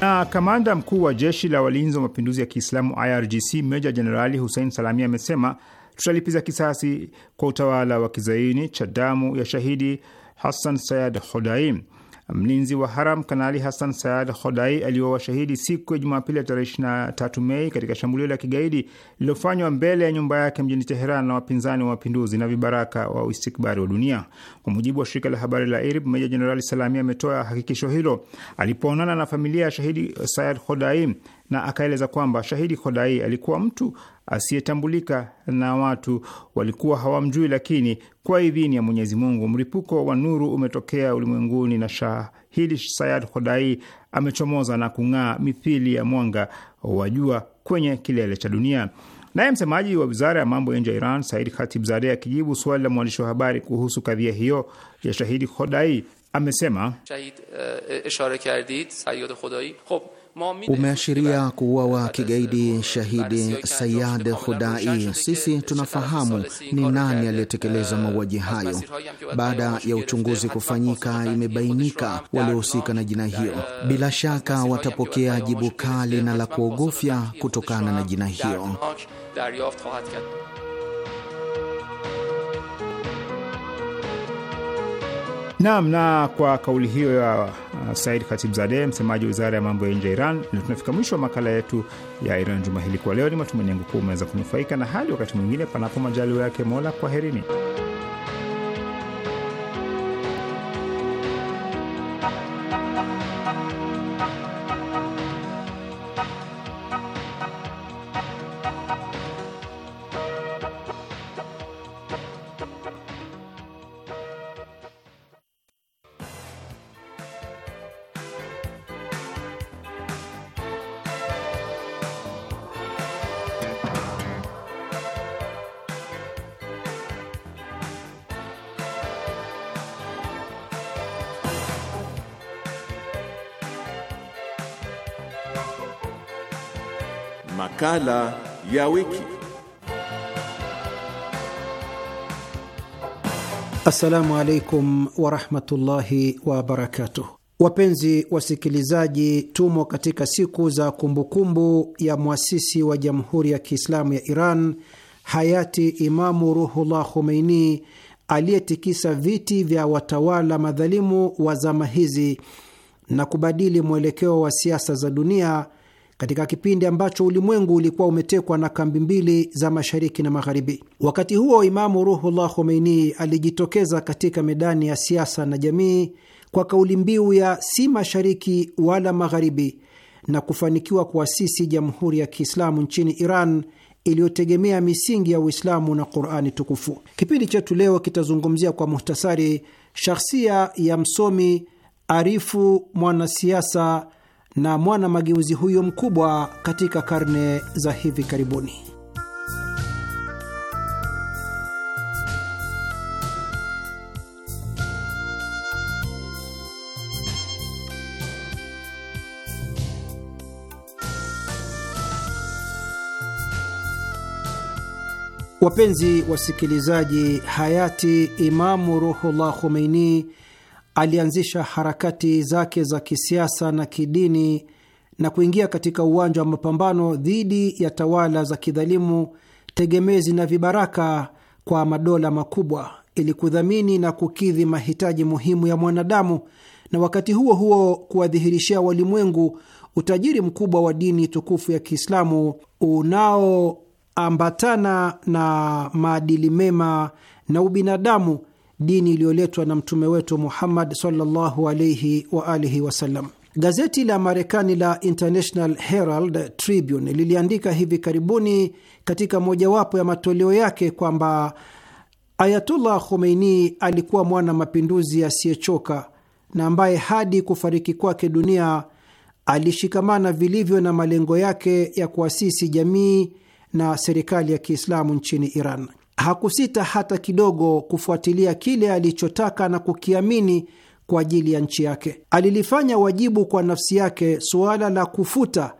S2: Na kamanda mkuu wa jeshi la walinzi wa mapinduzi ya Kiislamu IRGC meja jenerali Hussein Salami amesema tutalipiza kisasi kwa utawala wa kizaini cha damu ya shahidi Hassan Sayad Khodaim. Mlinzi wa haram Kanali Hassan Saad Khodai aliuawa shahidi siku ya Jumapili ya tarehe 23 Mei katika shambulio la kigaidi lililofanywa mbele ya nyumba yake mjini Teheran na wapinzani wa mapinduzi na vibaraka wa uistikbari wa dunia. Kwa mujibu wa shirika la habari la IRIB, Meja Jenerali Salami ametoa hakikisho hilo alipoonana na familia ya shahidi Saad Khodai na akaeleza kwamba shahidi Khodai alikuwa mtu asiyetambulika na watu walikuwa hawamjui, lakini kwa idhini ya Mwenyezi Mungu mlipuko wa nuru umetokea ulimwenguni na shahidi Sayad Khodai amechomoza na kung'aa mithili ya mwanga wa jua kwenye kilele cha dunia. Naye msemaji wa wizara ya mambo ya nje ya Iran Said zade akijibu swali la mwandishi wa habari kuhusu kadhia hiyo ya shahidi Khodai amesema
S1: shahid, uh,
S5: Umeashiria kuuawa kigaidi shahidi Sayad Khudai. Sisi tunafahamu ni nani aliyetekeleza mauaji hayo. Baada ya uchunguzi kufanyika, imebainika waliohusika na jinai hiyo. Bila shaka watapokea jibu kali na la kuogofya kutokana na jinai hiyo.
S2: Naam, na kwa kauli hiyo ya Uh, Said Khatibzadeh, msemaji wa wizara ya mambo ya nje ya Iran. Na tunafika mwisho wa makala yetu ya Iran juma hili kwa leo. Ni matumaini yangu kuwa umeweza kunufaika, na hadi wakati mwingine, panapo majaliwa yake Mola, kwaherini.
S3: makala ya wiki.
S4: Assalamu alaikum warahmatullahi wabarakatuh. Wapenzi wasikilizaji, tumo katika siku za kumbukumbu kumbu ya mwasisi wa Jamhuri ya Kiislamu ya Iran, hayati Imamu Ruhullah Khomeini aliyetikisa viti vya watawala madhalimu wa zama hizi na kubadili mwelekeo wa siasa za dunia katika kipindi ambacho ulimwengu ulikuwa umetekwa na kambi mbili za mashariki na magharibi. Wakati huo, Imamu Ruhullah Khomeini alijitokeza katika medani ya siasa na jamii kwa kauli mbiu ya si mashariki wala magharibi na kufanikiwa kuasisi Jamhuri ya Kiislamu nchini Iran iliyotegemea misingi ya Uislamu na Qurani tukufu. Kipindi chetu leo kitazungumzia kwa muhtasari shakhsia ya msomi arifu, mwanasiasa na mwana mageuzi huyo mkubwa katika karne za hivi karibuni. Wapenzi wasikilizaji, hayati Imamu Ruhullah Khomeini alianzisha harakati zake za kisiasa na kidini na kuingia katika uwanja wa mapambano dhidi ya tawala za kidhalimu tegemezi na vibaraka kwa madola makubwa ili kudhamini na kukidhi mahitaji muhimu ya mwanadamu na wakati huo huo kuwadhihirishia walimwengu utajiri mkubwa wa dini tukufu ya Kiislamu unaoambatana na maadili mema na ubinadamu dini iliyoletwa na mtume wetu Muhammad sallallahu alaihi wa alihi wasallam. Gazeti la Marekani la International Herald Tribune liliandika hivi karibuni katika mojawapo ya matoleo yake kwamba Ayatullah Khomeini alikuwa mwana mapinduzi asiyechoka na ambaye hadi kufariki kwake dunia alishikamana vilivyo na malengo yake ya kuasisi jamii na serikali ya Kiislamu nchini Iran hakusita hata kidogo kufuatilia kile alichotaka na kukiamini kwa ajili ya nchi yake. Alilifanya wajibu kwa nafsi yake suala la kufuta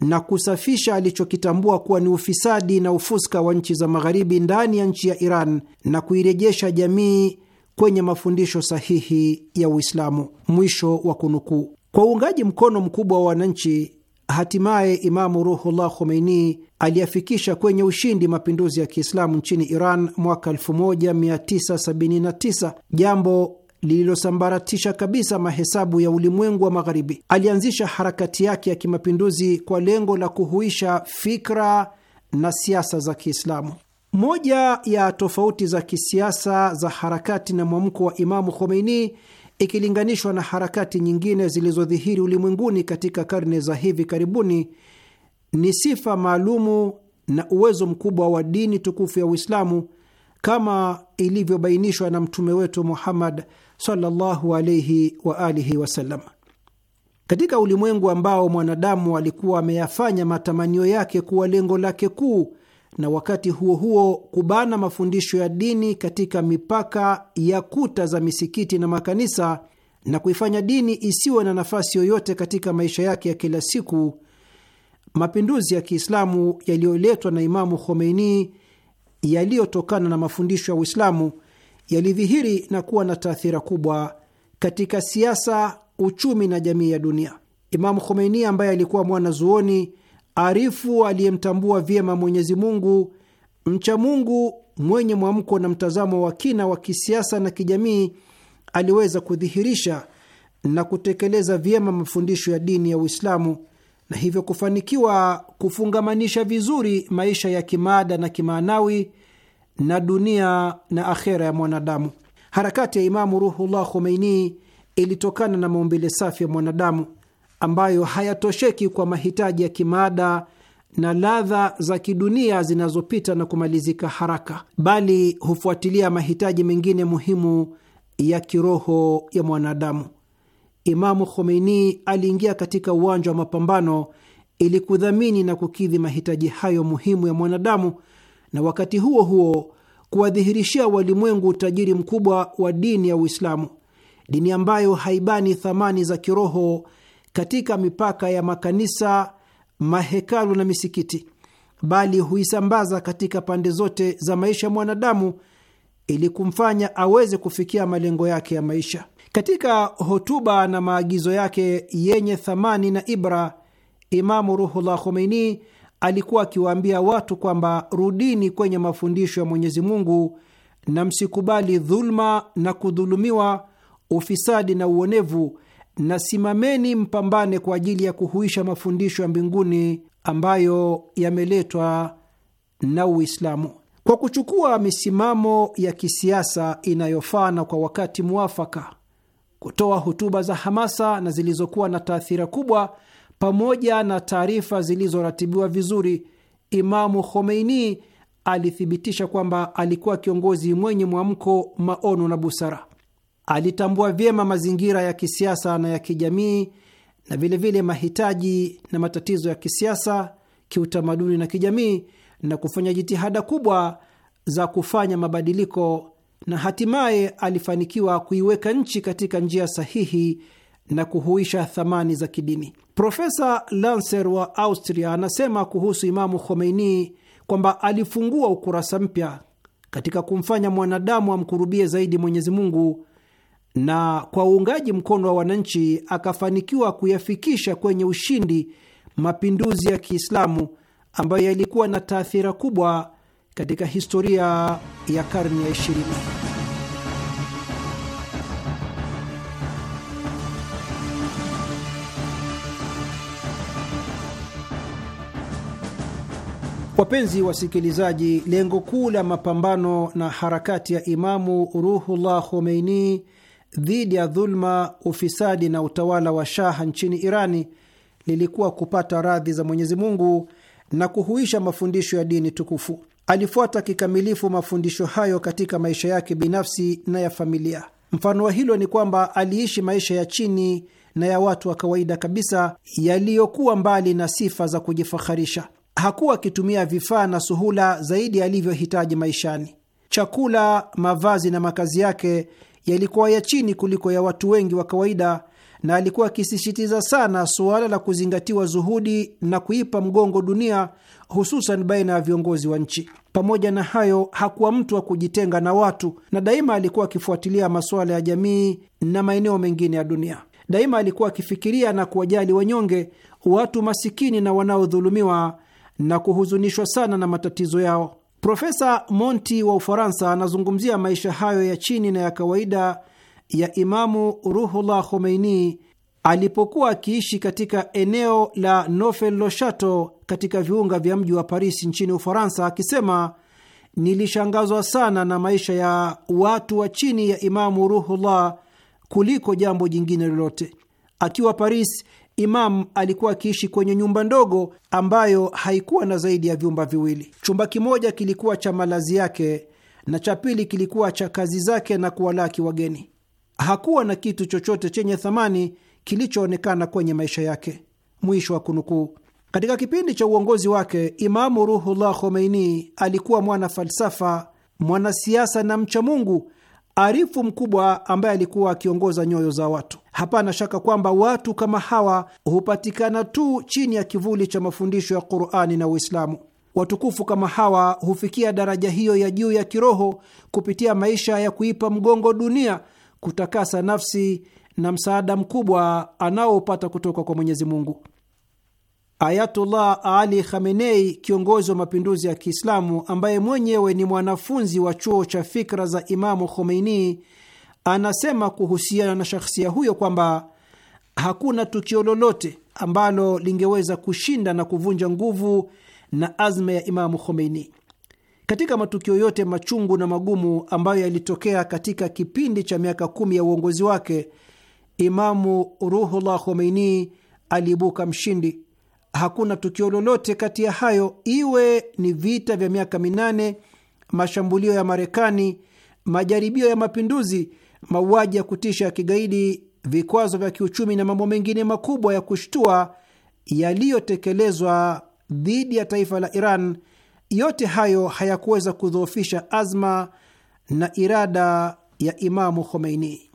S4: na kusafisha alichokitambua kuwa ni ufisadi na ufuska wa nchi za magharibi ndani ya nchi ya Iran na kuirejesha jamii kwenye mafundisho sahihi ya Uislamu. Mwisho wa kunukuu. Kwa uungaji mkono mkubwa wa wananchi, Hatimaye Imamu Ruhullah Khomeini aliyafikisha kwenye ushindi mapinduzi ya Kiislamu nchini Iran mwaka 1979, jambo lililosambaratisha kabisa mahesabu ya ulimwengu wa Magharibi. Alianzisha harakati yake ya kimapinduzi kwa lengo la kuhuisha fikra na siasa za Kiislamu. Moja ya tofauti za kisiasa za harakati na mwamko wa Imamu Khomeini ikilinganishwa na harakati nyingine zilizodhihiri ulimwenguni katika karne za hivi karibuni, ni sifa maalumu na uwezo mkubwa wa dini tukufu ya Uislamu kama ilivyobainishwa na mtume wetu Muhammad sallallahu wa alihi wasallam. Katika ulimwengu ambao mwanadamu alikuwa ameyafanya matamanio yake kuwa lengo lake kuu na wakati huo huo kubana mafundisho ya dini katika mipaka ya kuta za misikiti na makanisa na kuifanya dini isiwe na nafasi yoyote katika maisha yake ya kila siku. Mapinduzi ya Kiislamu yaliyoletwa na Imamu Khomeini yaliyotokana na mafundisho ya Uislamu yalidhihiri na kuwa na taathira kubwa katika siasa, uchumi na jamii ya dunia. Imamu Khomeini ambaye alikuwa mwanazuoni arifu aliyemtambua vyema Mwenyezi Mungu, mcha Mungu mwenye mwamko na mtazamo wa kina wa kisiasa na kijamii, aliweza kudhihirisha na kutekeleza vyema mafundisho ya dini ya Uislamu na hivyo kufanikiwa kufungamanisha vizuri maisha ya kimaada na kimaanawi na dunia na akhera ya mwanadamu. Harakati ya Imamu Ruhullah Khomeini ilitokana na maumbile safi ya mwanadamu ambayo hayatosheki kwa mahitaji ya kimaada na ladha za kidunia zinazopita na kumalizika haraka, bali hufuatilia mahitaji mengine muhimu ya kiroho ya mwanadamu. Imamu Khomeini aliingia katika uwanja wa mapambano ili kudhamini na kukidhi mahitaji hayo muhimu ya mwanadamu, na wakati huo huo kuwadhihirishia walimwengu utajiri mkubwa wa dini ya Uislamu, dini ambayo haibani thamani za kiroho katika mipaka ya makanisa, mahekalu na misikiti, bali huisambaza katika pande zote za maisha ya mwanadamu ili kumfanya aweze kufikia malengo yake ya maisha. Katika hotuba na maagizo yake yenye thamani na ibra, Imamu Ruhullah Khomeini alikuwa akiwaambia watu kwamba rudini kwenye mafundisho ya Mwenyezi Mungu na msikubali dhuluma na kudhulumiwa, ufisadi na uonevu na simameni mpambane kwa ajili ya kuhuisha mafundisho ya mbinguni ambayo yameletwa na Uislamu. Kwa kuchukua misimamo ya kisiasa inayofaana kwa wakati mwafaka, kutoa hotuba za hamasa na zilizokuwa na taathira kubwa, pamoja na taarifa zilizoratibiwa vizuri, Imamu Khomeini alithibitisha kwamba alikuwa kiongozi mwenye mwamko, maono na busara. Alitambua vyema mazingira ya kisiasa na ya kijamii na vilevile vile mahitaji na matatizo ya kisiasa, kiutamaduni na kijamii na kufanya jitihada kubwa za kufanya mabadiliko na hatimaye alifanikiwa kuiweka nchi katika njia sahihi na kuhuisha thamani za kidini. Profesa Lancer wa Austria anasema kuhusu Imamu Khomeini kwamba alifungua ukurasa mpya katika kumfanya mwanadamu amkurubie zaidi Mwenyezi Mungu na kwa uungaji mkono wa wananchi akafanikiwa kuyafikisha kwenye ushindi mapinduzi ya Kiislamu ambayo yalikuwa na taathira kubwa katika historia ya karne ya ishirini. Wapenzi wasikilizaji, lengo kuu la mapambano na harakati ya Imamu Ruhullah Khomeini dhidi ya dhuluma, ufisadi na utawala wa shaha nchini Irani lilikuwa kupata radhi za Mwenyezi Mungu na kuhuisha mafundisho ya dini tukufu. Alifuata kikamilifu mafundisho hayo katika maisha yake binafsi na ya familia. Mfano wa hilo ni kwamba aliishi maisha ya chini na ya watu wa kawaida kabisa yaliyokuwa mbali na sifa za kujifaharisha. Hakuwa akitumia vifaa na suhula zaidi alivyohitaji maishani. Chakula, mavazi na makazi yake yalikuwa ya chini kuliko ya watu wengi wa kawaida, na alikuwa akisisitiza sana suala la kuzingatiwa zuhudi na kuipa mgongo dunia, hususan baina ya viongozi wa nchi. Pamoja na hayo, hakuwa mtu wa kujitenga na watu, na daima alikuwa akifuatilia masuala ya jamii na maeneo mengine ya dunia. Daima alikuwa akifikiria na kuwajali wanyonge, watu masikini na wanaodhulumiwa na kuhuzunishwa sana na matatizo yao. Profesa Monti wa Ufaransa anazungumzia maisha hayo ya chini na ya kawaida ya Imamu Ruhullah Khomeini alipokuwa akiishi katika eneo la Nofel Loshato katika viunga vya mji wa Paris nchini Ufaransa, akisema nilishangazwa sana na maisha ya watu wa chini ya Imamu Ruhullah kuliko jambo jingine lolote. Akiwa Paris, Imam alikuwa akiishi kwenye nyumba ndogo ambayo haikuwa na zaidi ya vyumba viwili. Chumba kimoja kilikuwa cha malazi yake na cha pili kilikuwa cha kazi zake na kuwalaki wageni. Hakuwa na kitu chochote chenye thamani kilichoonekana kwenye maisha yake. Mwisho wa kunukuu. Katika kipindi cha uongozi wake, Imamu Ruhullah Khomeini alikuwa mwana falsafa, mwanasiasa na mcha Mungu arifu mkubwa ambaye alikuwa akiongoza nyoyo za watu. Hapana shaka kwamba watu kama hawa hupatikana tu chini ya kivuli cha mafundisho ya Qur'ani na Uislamu. Watukufu kama hawa hufikia daraja hiyo ya juu ya kiroho kupitia maisha ya kuipa mgongo dunia, kutakasa nafsi na msaada mkubwa anaopata kutoka kwa Mwenyezi Mungu. Ayatullah Ali Khamenei, kiongozi wa mapinduzi ya Kiislamu ambaye mwenyewe ni mwanafunzi wa chuo cha fikra za Imamu Khomeini, anasema kuhusiana na shakhsia huyo kwamba hakuna tukio lolote ambalo lingeweza kushinda na kuvunja nguvu na azma ya Imamu Khomeini. Katika matukio yote machungu na magumu ambayo yalitokea katika kipindi cha miaka kumi ya uongozi wake, Imamu Ruhullah Khomeini aliibuka mshindi hakuna tukio lolote kati ya hayo, iwe ni vita vya miaka minane, mashambulio ya Marekani, majaribio ya mapinduzi, mauaji ya kutisha ya kigaidi, vikwazo vya kiuchumi na mambo mengine makubwa ya kushtua yaliyotekelezwa dhidi ya taifa la Iran, yote hayo hayakuweza kudhoofisha azma na irada ya Imamu Khomeini.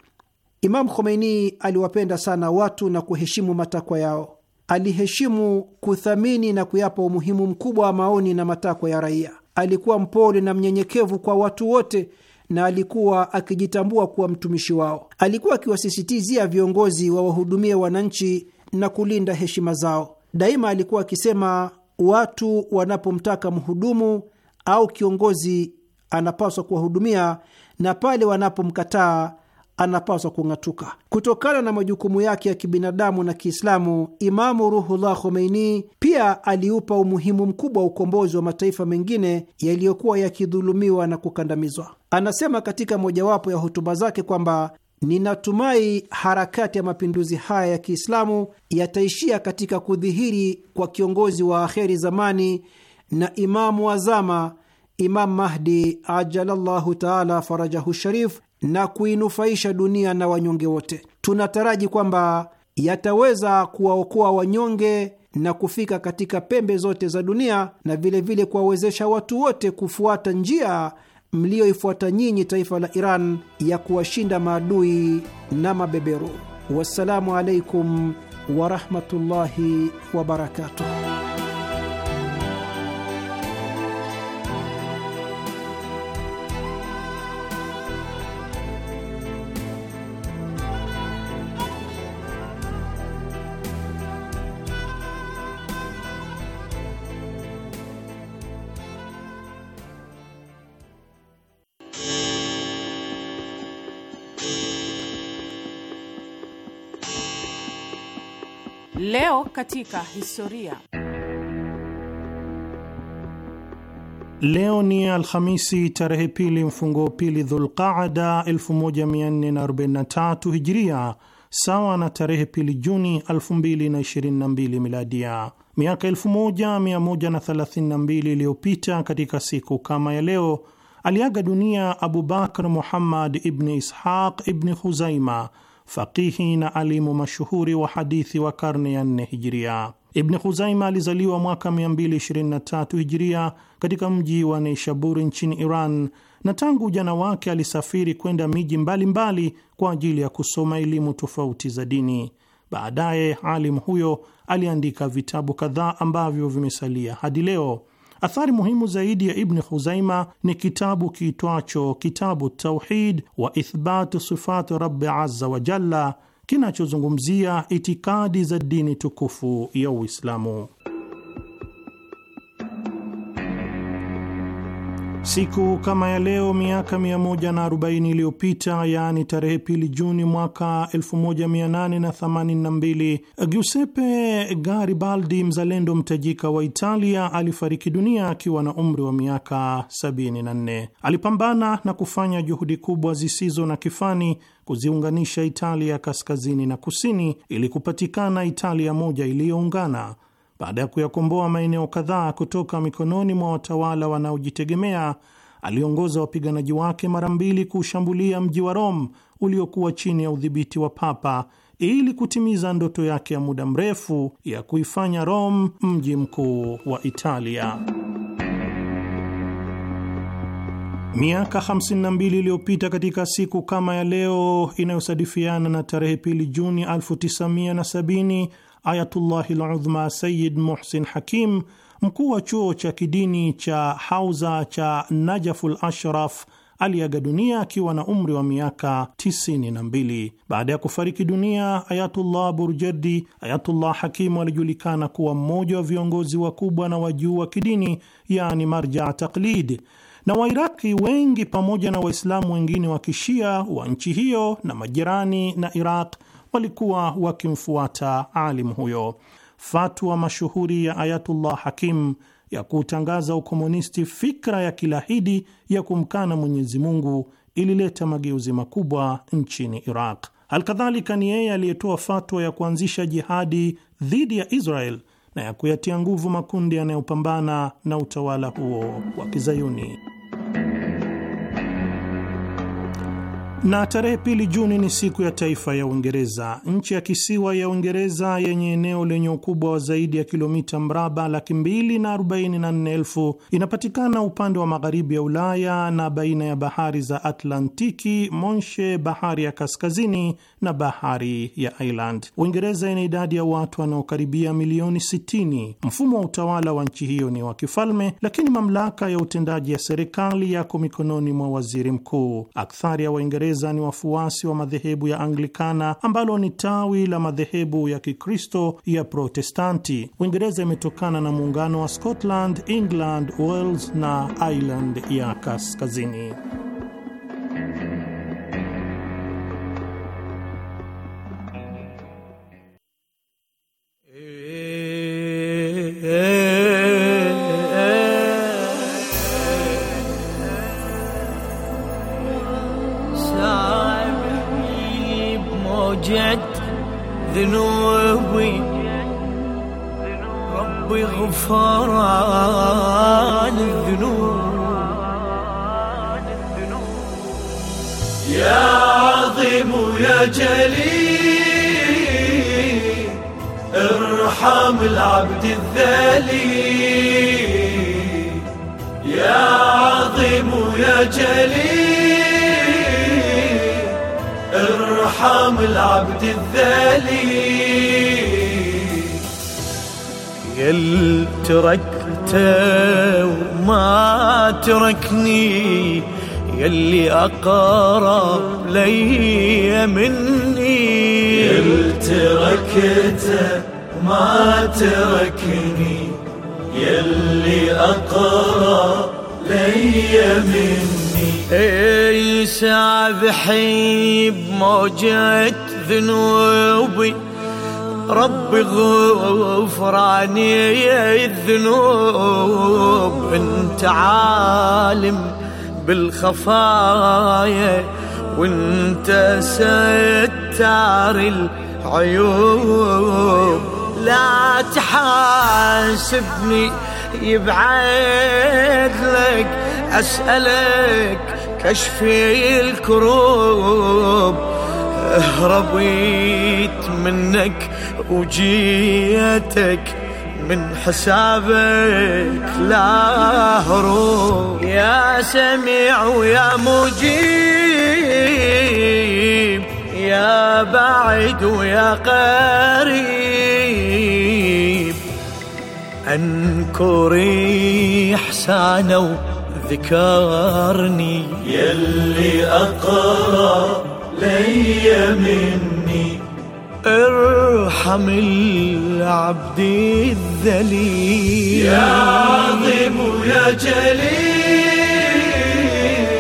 S4: Imamu Khomeini aliwapenda sana watu na kuheshimu matakwa yao aliheshimu, kuthamini na kuyapa umuhimu mkubwa wa maoni na matakwa ya raia. Alikuwa mpole na mnyenyekevu kwa watu wote na alikuwa akijitambua kuwa mtumishi wao. Alikuwa akiwasisitizia viongozi wawahudumie wananchi na kulinda heshima zao. Daima alikuwa akisema, watu wanapomtaka mhudumu au kiongozi anapaswa kuwahudumia, na pale wanapomkataa anapaswa kung'atuka kutokana na majukumu yake ya kibinadamu na Kiislamu. Imamu Ruhullah Khomeini pia aliupa umuhimu mkubwa wa ukombozi wa mataifa mengine yaliyokuwa yakidhulumiwa na kukandamizwa. Anasema katika mojawapo ya hotuba zake kwamba Ninatumai harakati ya mapinduzi haya ya Kiislamu yataishia katika kudhihiri kwa kiongozi wa akheri zamani na imamu wazama Imamu Mahdi ajalallahu taala farajahu sharif, na kuinufaisha dunia na wanyonge wote. Tunataraji kwamba yataweza kuwaokoa wanyonge na kufika katika pembe zote za dunia na vilevile kuwawezesha watu wote kufuata njia mliyoifuata nyinyi, taifa la Iran, ya kuwashinda maadui na mabeberu. Wassalamu alaikum warahmatullahi wabarakatuh.
S5: Leo katika historia.
S6: Leo ni Alhamisi tarehe pili mfungo pili Dhulqaada 1443 Hijiria, sawa na tarehe pili Juni 2022 Miladia. Miaka 1132 iliyopita katika siku kama ya leo aliaga dunia Abubakar Muhammad ibni Ishaq ibni Khuzaima faqihi na alimu mashuhuri wa hadithi wa karne ya nne hijiria. Ibni Khuzaima alizaliwa mwaka 223 hijiria katika mji wa Neishaburi nchini Iran, na tangu ujana wake alisafiri kwenda miji mbalimbali mbali kwa ajili ya kusoma elimu tofauti za dini. Baadaye alimu huyo aliandika vitabu kadhaa ambavyo vimesalia hadi leo. Athari muhimu zaidi ya Ibni Khuzaima ni kitabu kiitwacho Kitabu Tauhid wa Ithbatu Sifati Rabbi Azza wa Jalla kinachozungumzia itikadi za dini tukufu ya Uislamu. Siku kama ya leo miaka 140 iliyopita, yaani tarehe pili Juni mwaka 1882, Giuseppe Garibaldi, mzalendo mtajika wa Italia, alifariki dunia akiwa na umri wa miaka 74. Alipambana na kufanya juhudi kubwa zisizo na kifani kuziunganisha Italia kaskazini na kusini ili kupatikana Italia moja iliyoungana baada ya kuyakomboa maeneo kadhaa kutoka mikononi mwa watawala wanaojitegemea, aliongoza wapiganaji wake mara mbili kuushambulia mji wa Rome uliokuwa chini ya udhibiti wa papa ili kutimiza ndoto yake ya muda mrefu ya kuifanya Rome mji mkuu wa Italia. Miaka 52 iliyopita katika siku kama ya leo inayosadifiana na tarehe pili Juni 1970 Ayatullahi Ludhma Sayid Muhsin Hakim, mkuu wa chuo cha kidini cha Hauza cha Najaful Ashraf aliaga dunia akiwa na umri wa miaka 92. Baada ya kufariki dunia Ayatullah Burjerdi, Ayatullah Hakimu alijulikana kuwa mmoja wa viongozi wakubwa na wajuu wa kidini, yani marja taqlid, na Wairaqi wengi pamoja na Waislamu wengine wa kishia wa nchi hiyo na majirani na Iraq walikuwa wakimfuata alimu huyo. Fatwa mashuhuri ya Ayatullah Hakim ya kutangaza ukomunisti, fikra ya kilahidi ya kumkana Mwenyezi Mungu, ilileta mageuzi makubwa nchini Iraq. Halkadhalika ni yeye aliyetoa fatwa ya kuanzisha jihadi dhidi ya Israel na ya kuyatia nguvu makundi yanayopambana na utawala huo wa Kizayuni. na tarehe pili Juni ni siku ya taifa ya Uingereza. Nchi ya kisiwa ya Uingereza yenye eneo lenye ukubwa wa zaidi ya kilomita mraba laki mbili na arobaini na nne elfu inapatikana upande wa magharibi ya Ulaya na baina ya bahari za Atlantiki, Monshe, bahari ya kaskazini na bahari ya Ireland. Uingereza ina idadi ya watu wanaokaribia milioni 60. Mfumo wa utawala wa nchi hiyo ni wa kifalme, lakini mamlaka ya utendaji ya serikali yako mikononi mwa waziri mkuu. Akthari ya Waingereza Uingereza ni wafuasi wa madhehebu ya Anglikana ambalo ni tawi la madhehebu ya Kikristo ya Protestanti. Uingereza imetokana na muungano wa Scotland, England, Wales na Ireland ya Kaskazini. Hey, eh, eh, hey, eh.
S7: hey. رجعت ذنوبي ربي غفران الذنوب
S8: يا عظيم يا
S7: جليل ارحم العبد الذليل يا عظيم يا جليل أرحام العبد الذليل يل تركته وما تركني يلي أقرب لي مني يل تركته وما تركني يلي أقرب لي مني سابحي بموجة ذنوبي ربي غفراني الذنوب انت عالم بالخفايا وانت ستار العيوب لا تحاسبني يبعد لك اسألك كشفي الكروب هربيت منك وجيتك من حسابك لا هروب يا سميع ويا مجيب يا بعيد ويا قريب انكري احسانه ذكرني يلي أقرب لي مني ارحم العبد الذليل يا عظيم يا جليل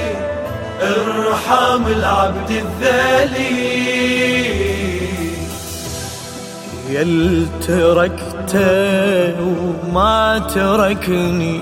S7: ارحم العبد الذليل يل تركته وما تركني